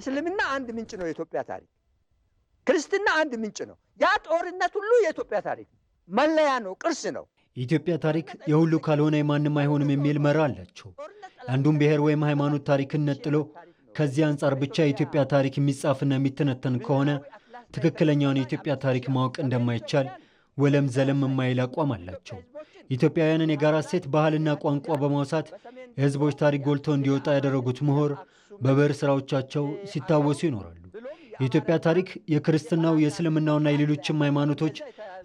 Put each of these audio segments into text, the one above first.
እስልምና አንድ ምንጭ ነው የኢትዮጵያ ታሪክ። ክርስትና አንድ ምንጭ ነው። ያ ጦርነት ሁሉ የኢትዮጵያ ታሪክ መለያ ነው፣ ቅርስ ነው። የኢትዮጵያ ታሪክ የሁሉ ካልሆነ የማንም አይሆንም የሚል መራ አላቸው። አንዱን ብሔር ወይም ሃይማኖት ታሪክን ነጥሎ ከዚህ አንጻር ብቻ የኢትዮጵያ ታሪክ የሚጻፍና የሚተነተን ከሆነ ትክክለኛውን የኢትዮጵያ ታሪክ ማወቅ እንደማይቻል ወለም ዘለም የማይል አቋም አላቸው። ኢትዮጵያውያንን የጋራ ሴት ባህልና ቋንቋ በማውሳት የህዝቦች ታሪክ ጎልቶ እንዲወጣ ያደረጉት ምሁር በበር ስራዎቻቸው ሲታወሱ ይኖራሉ። የኢትዮጵያ ታሪክ የክርስትናው የእስልምናውና የሌሎችም ሃይማኖቶች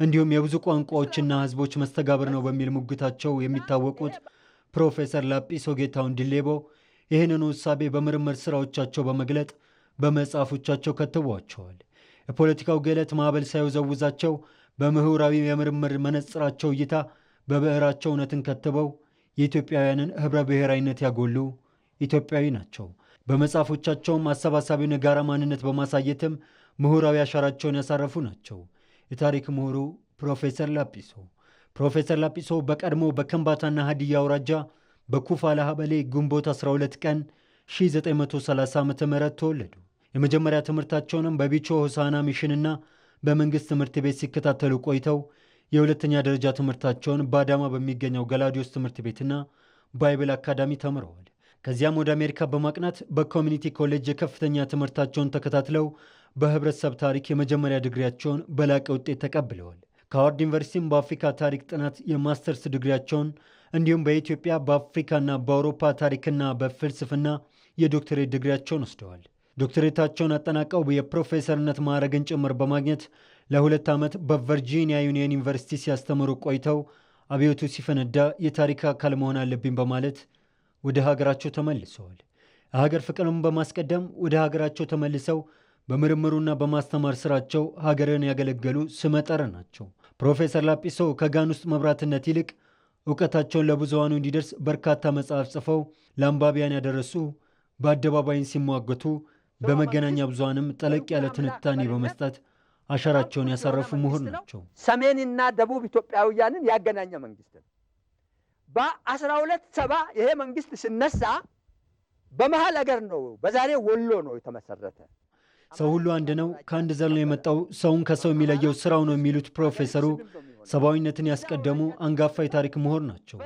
እንዲሁም የብዙ ቋንቋዎችና ህዝቦች መስተጋብር ነው በሚል ሙግታቸው የሚታወቁት ፕሮፌሰር ላጲሶ ጌታሁን ዲሌቦ ይህንኑ እሳቤ በምርምር ስራዎቻቸው በመግለጥ በመጽሐፎቻቸው ከትቧቸዋል። የፖለቲካው ገለት ማዕበል ሳይወዘውዛቸው በምሁራዊ የምርምር መነጽራቸው እይታ በብዕራቸው እውነትን ከትበው የኢትዮጵያውያንን ኅብረ ብሔራዊነት ያጎሉ ኢትዮጵያዊ ናቸው። በመጽሐፎቻቸውም አሰባሳቢውን የጋራ ማንነት በማሳየትም ምሁራዊ አሻራቸውን ያሳረፉ ናቸው። የታሪክ ምሁሩ ፕሮፌሰር ላጲሶ ፕሮፌሰር ላጲሶ በቀድሞ በከምባታና ሀዲያ አውራጃ በኩፋ ላሀበሌ ግንቦት 12 ቀን 1930 ዓ ም ተወለዱ። የመጀመሪያ ትምህርታቸውንም በቢቾ ሆሳና ሚሽንና በመንግሥት ትምህርት ቤት ሲከታተሉ ቆይተው የሁለተኛ ደረጃ ትምህርታቸውን በአዳማ በሚገኘው ገላዲዮስ ትምህርት ቤትና ባይብል አካዳሚ ተምረዋል። ከዚያም ወደ አሜሪካ በማቅናት በኮሚኒቲ ኮሌጅ የከፍተኛ ትምህርታቸውን ተከታትለው በህብረተሰብ ታሪክ የመጀመሪያ ድግሪያቸውን በላቀ ውጤት ተቀብለዋል። ከሃዋርድ ዩኒቨርሲቲም በአፍሪካ ታሪክ ጥናት የማስተርስ ድግሪያቸውን እንዲሁም በኢትዮጵያ በአፍሪካና በአውሮፓ ታሪክና በፍልስፍና የዶክተሬት ድግሪያቸውን ወስደዋል። ዶክተሬታቸውን አጠናቀው የፕሮፌሰርነት ማዕረግን ጭምር በማግኘት ለሁለት ዓመት በቨርጂኒያ ዩኒየን ዩኒቨርሲቲ ሲያስተምሩ ቆይተው አብዮቱ ሲፈነዳ የታሪክ አካል መሆን አለብኝ በማለት ወደ ሀገራቸው ተመልሰዋል። የሀገር ፍቅርን በማስቀደም ወደ ሀገራቸው ተመልሰው በምርምሩና በማስተማር ስራቸው ሀገርን ያገለገሉ ስመጠር ናቸው። ፕሮፌሰር ላጲሶ ከጋን ውስጥ መብራትነት ይልቅ እውቀታቸውን ለብዙሃኑ እንዲደርስ በርካታ መጽሐፍ ጽፈው ለአንባቢያን ያደረሱ፣ በአደባባይን ሲሟገቱ፣ በመገናኛ ብዙሃንም ጠለቅ ያለ ትንታኔ በመስጠት አሻራቸውን ያሳረፉ ምሁር ናቸው። ሰሜንና ደቡብ ኢትዮጵያውያንን ያገናኘ መንግስት በአስራ ሁለት ሰባ ይሄ መንግስት ሲነሳ በመሀል አገር ነው፣ በዛሬ ወሎ ነው የተመሰረተ። ሰው ሁሉ አንድ ነው፣ ከአንድ ዘር ነው የመጣው፣ ሰውን ከሰው የሚለየው ስራው ነው የሚሉት ፕሮፌሰሩ ሰብአዊነትን ያስቀደሙ አንጋፋ የታሪክ ምሁር ናቸው።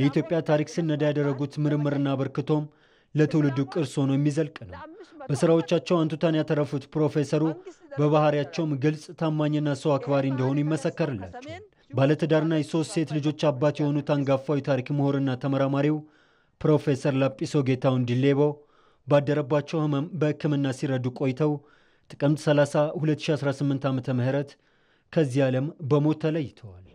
ለኢትዮጵያ ታሪክ ስነዳ ያደረጉት ምርምርና አበርክቶም ለትውልዱ ቅርስ ሆኖ የሚዘልቅ ነው። በስራዎቻቸው አንቱታን ያተረፉት ፕሮፌሰሩ በባህሪያቸውም ግልጽ፣ ታማኝና ሰው አክባሪ እንደሆኑ ይመሰከርላቸው። ባለትዳርና የሶስት ሴት ልጆች አባት የሆኑት አንጋፋው የታሪክ ምሁርና ተመራማሪው ፕሮፌሰር ላጲሶ ጌታውን ዲሌቦ ባደረባቸው ህመም በሕክምና ሲረዱ ቆይተው ጥቅምት 30 2018 ዓ ም ከዚህ ዓለም በሞት ተለይተዋል።